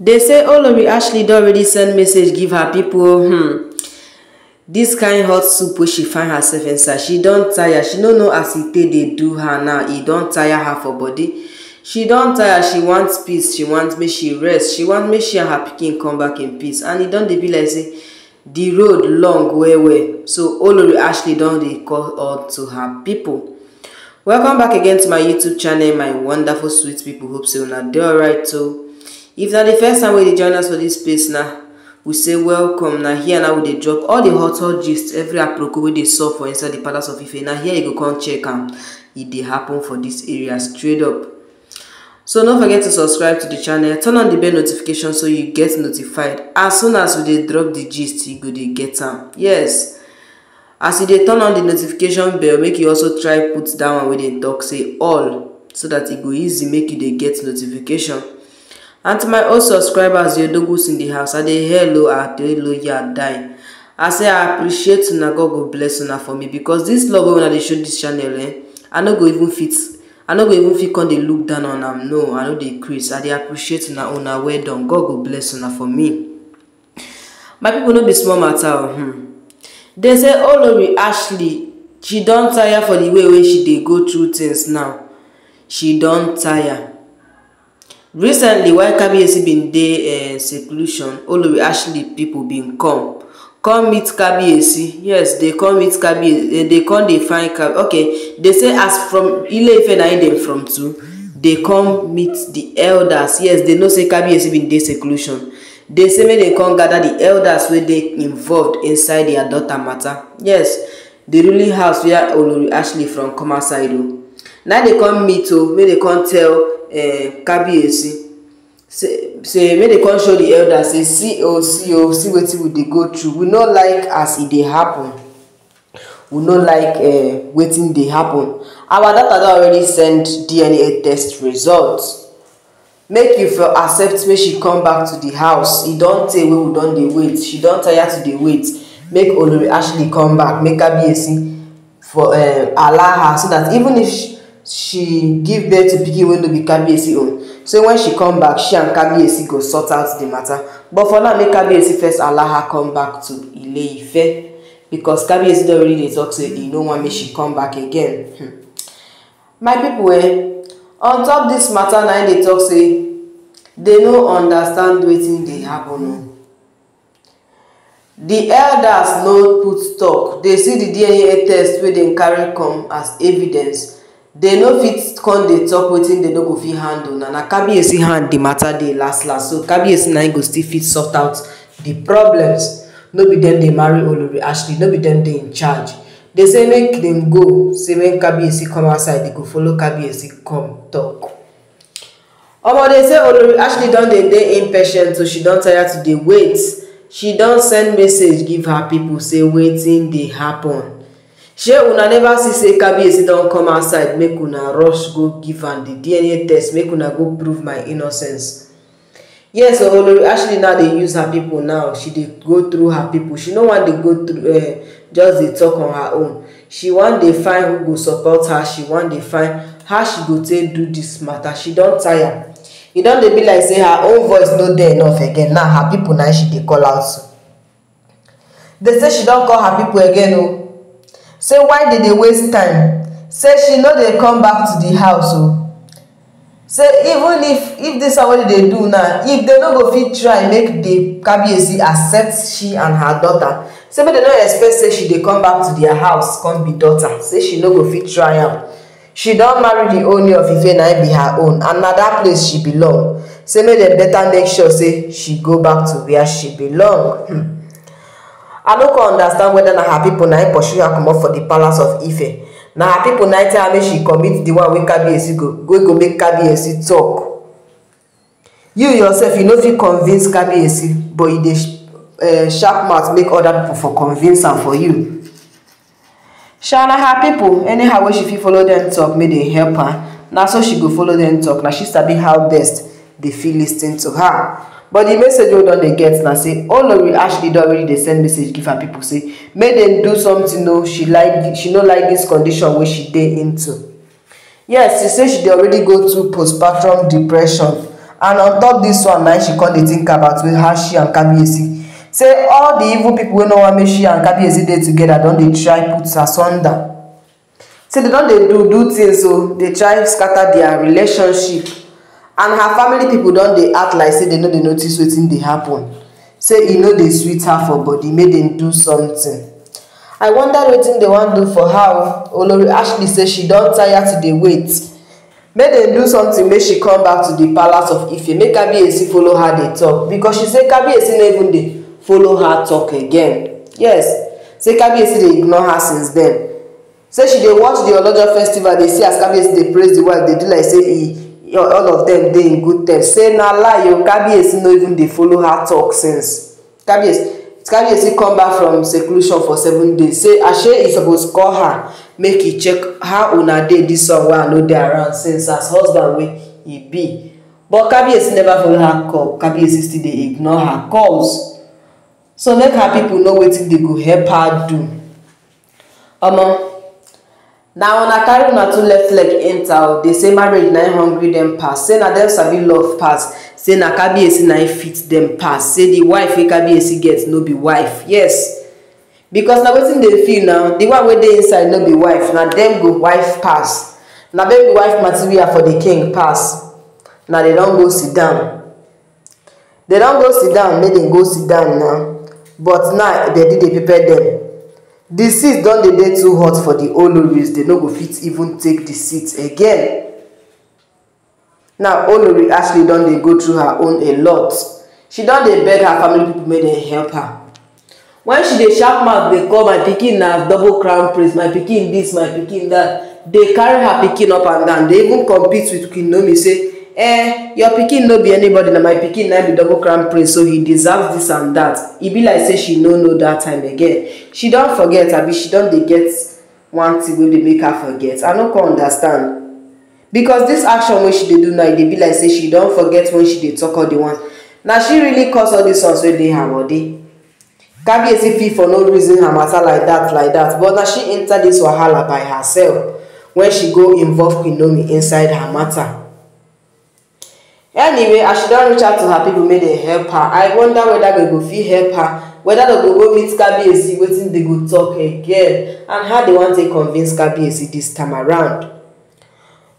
They say Olori Ashley don't really send message give her people. Hmm. This kind hot soup wey she find herself inside, she don't tire. She no know as it e they do her now. It e don't tire her for body. She don't tire. She wants peace. She wants me. she rest. She wants me. she and her pikin come back in peace. And it e don't dey be like say the road long way way. So Olori Ashley don't they call out to her people. Welcome back again to my YouTube channel, my wonderful sweet people. Hope so now they alright too if na the first time wey dey join us for this place now we say welcome Now here now we dey drop all the hot hot gist every aproko wey dey sup for inside the palace of ife Now here you go come check am e they happen for this area straight up so don't forget to subscribe to the channel turn on the bell notification so you get notified as soon as we dey drop the gist you go dey get am yes as you they turn on the notification bell make you also try put down one wey talk say all so that e go easy make you they get notification and to my old subscribers your yodogwus in the house i dey hello adeelo ya die i say i appreciate una god go bless una for me because this love when I dey show dis channel eh i no go even fit i no go even fit come dey look down on them. no i no dey increase i they appreciate una una well done god go bless una for me my people no be small matter. Oh, hmm They say olori oh, ashley she don't tire for the way wey she they go through things now she don't tire recently while kabiyesi bin dey uh, seclusion olori ashley pipo bin come come meet kabiyesi yes dey come meet kabiyesi dey come dey find kabiyesi okay dey say as from ileife na im dem from too dey come meet di elders yes dey know say kabiyesi bin dey seclusion dey say make dem come gather di elders wey dey involved inside dia daughter matter yes di ruling house wia olori ashley from come outside o na dey come meet o oh, make dey come tell um, eh, kabiyesi say say make dey come show the elders say see o oh, see o oh, see wetin we dey go through we no like as e dey happen we no like uh, wetin dey happen our daughter don already send dna test result make you for accept make she come back to the house e don tey wey we don dey wait she don tire to dey wait make olori ashley come back make kabiyesi for uh allow her so that even if she, she give birth to pikin wey no be kabiyesi own so when she come back she and kabiyesi go sort out the matter but for now make kabiyesi first allow her come back to ile-ife because kabiyesi don really dey talk say e no wan make she come back again hmm. my people eh on top this matter na im dey talk say they no understand wetin dey happen o the elders no put talk they see the dna test wey dem carry come as evidence dey no fit come dey talk wetin dey no go fit handle na na kabiyesi hand di matter dey last last so kabiyesi na im go still fit sort out di problems no be dem dey marry olori ashley no be dem dey in charge dey say make dem go say when kabiyesi come outside dey go follow kabiyesi come talk. omo dey say olori ashley don dey dey impatient so she don tire to dey wait she don send message give her people say wetin dey happen shey una never see say kabiyesi don come outside make una rush go give am the dna test make una go prove my innocence yes olori oh, actually now dey use her people. now she dey go through her people. she no wan dey go through uh, just dey talk on her own she wan dey find who go support her she wan dey find how she go take do this matter she don tire e don dey be like say her own voice no dey enough again now her people na she dey call out to dey say she don call her people again oh say why dey dey waste time say she no dey come back to di house o oh. say even if if dis one wey dey do now if dem no go fit try make di kabiyesi accept she and her daughter say make dem no expect say she dey come back to dia house come be daughter say she no go fit try am she don marry di only of ife na be her own and na dat place she belong say make dem better make sure say she go back to wia she belong hmm i no come understand whether na her people na pursue her comot for the palace of ife na her people na tell her she commit di one wey kabiyesi go wey go make kabiyesi talk you yourself you no you convince kabiyesi but you e dey eh, sharp mouth make other people for convince and for you sha na her people anyhow wey she fit follow them talk make dem help her na so she go follow them talk na she sabi how best dey fit lis to her but the message wey don dey get na say olori ashley don already dey send message give her pipo say make dem do something o she like she no like dis condition wey she dey into yes she say she dey already go through postpartum depression and on top dis one na she come dey think about how she and kabiyesi say all di evil pipo wey no wan make she and kabiyesi dey together. don dey try put asunder say dem don dey do do things o dey try scatter dia relationship and her family people don dey act like say they no dey notice wetin dey happen say e no dey sweet her for body make dem do something i wonder wetin dem wan do for her olori ashley say she don tire to dey wait make dem do something make she come back to the palace of ife make kabiyesi follow her dey talk because she say kabiyesi no even dey follow her talk again yes say kabiyesi dey ignore her since then say she dey watch the olojo festival dey see as kabiyesi dey praise the wife dey do like say e all of them dey in good terms say na lie o oh, kabiyesi no even dey follow her talk since kabiyesi kabiyesi come back from seclusion for seven days say ashe e suppose call her make he check how una dey dis one wey i no dey around since as husband wey he be but kabiyesi never follow her call kabiyesi still dey ignore her calls so make her people know wetin dey go help her do omo. Um, Now when una carry una two left leg enter o dey say marriage na hungry them pass say na them sabi love pass say na kabiyesi na fit them pass say the wife kabi, kabiyesi get no be wife yes because now wetin they feel now the one wey dey inside no be wife Now them go wife pass Now baby wife material for the king pass Now they don't go sit down they don't go sit down make dem go sit down now but now they did they prepare them di seat don dey dey too hot for the honorees. They no go fit even take the seat again now honoree ashley don dey go through her own a lot she don dey beg her family people make dem help her When she dey sharp mouth dey call my pikin na double crown prince my pikin this, my pikin that. dey carry her pikin up and down dey even compete with queen nomi say eh your pikin no be anybody na my pikin na be double crown prince so he deserves this and that e be like say she no know that time again she don forget abi she don dey get one thing wey dey make her forget i no come understand because this action wey she dey do now e dey be like say she don forget when she dey talk all the ones na she really cause all this ones wey dey her body kabiyesi fit for no reason her matter like that like that but na she enter this wahala by herself when she go involve Kinomi inside her matter anyway as she don reach out to her People make dem help her i wonder whether dem go fit help her whether dem go go meet kabiyesi wetin dey go talk again and how dey wan take convince kabiyesi this time around.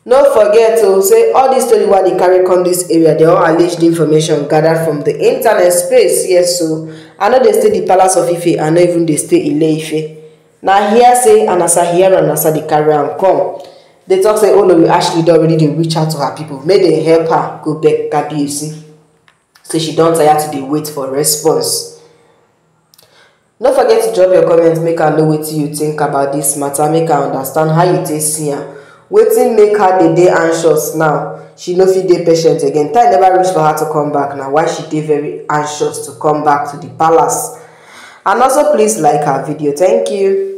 no forget o say all dis story wey dey carry come dis area dey all alleged information gathered from the internet space yes o i no dey stay the palace of ife i no even dey stay ile ife na hear say and as i hear am na as i dey carry am come. They talk say "Oh olori ashley don already dey reach out to her people, make dem help her go beg see, so she don tire to dey wait for response no forget to drop your comment make her know wetin you think about this matter, make her understand how you take see am wetin make her dey dey anxious now she no fit dey patient again time never reach for her to come back na why she dey very anxious to come back to the palace and also please like her video thank you